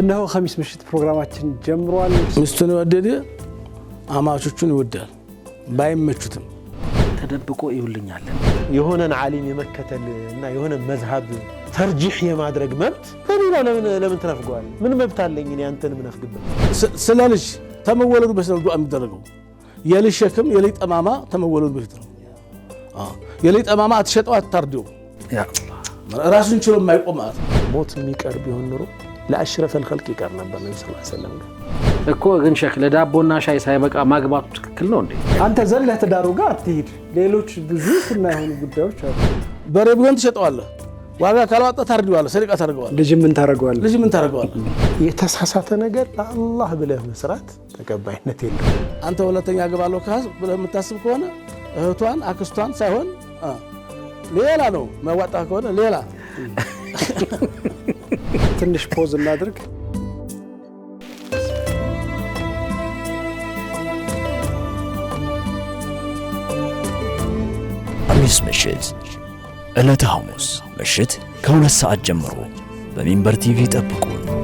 እነሆ ከሚስ ምሽት ፕሮግራማችን ጀምሯል። ሚስቱን የወደደ አማቾቹን ይወዳል ባይመቹትም ተደብቆ ይውልኛል። የሆነን ዓሊም የመከተል እና የሆነ መዝሀብ ተርጂሕ የማድረግ መብት በሌላው ለምን ትነፍገዋል? ምን መብት አለኝ እኔ አንተን ምነፍግበት? ስለ ልጅ ተመወለዱ በፊት ነው የሚደረገው። የልጅ ሸክም የልጅ ጠማማ ተመወለዱ በፊት ነው። የልጅ ጠማማ አትሸጠው፣ አታርደው። ራሱን ችሎ የማይቆም ሞት የሚቀርብ ቢሆን ኑሮ ለአሽረፈል ኸልቅ ይቀር ነበር ነቢ ስ ሰለም እኮ ግን ሼክ ለዳቦና ሻይ ሳይበቃ ማግባቱ ትክክል ነው እንዴ? አንተ ዘለህ ትዳሩ ጋር አትሄድ። ሌሎች ብዙ እና የሆኑ ጉዳዮች አሉ። በሬ ቢሆን ትሸጠዋለህ፣ ዋጋ ካልዋጣ ታርደዋለህ፣ ሰደቃ ታደርገዋለህ። ልጅ ምን ታደርገዋለህ? ልጅ ምን ታደርገዋለህ? የተሳሳተ ነገር ለአላህ ብለህ መስራት ተቀባይነት የለም። አንተ ሁለተኛ አገባለሁ ብለህ የምታስብ ከሆነ እህቷን አክስቷን ሳይሆን ሌላ ነው የሚያዋጣህ ከሆነ ሌላ ትንሽ ፖዝ እናድርግ። አምስት ምሽት ዕለተ ሐሙስ ምሽት ከሁለት ሰዓት ጀምሮ በሚንበር ቲቪ ጠብቁን።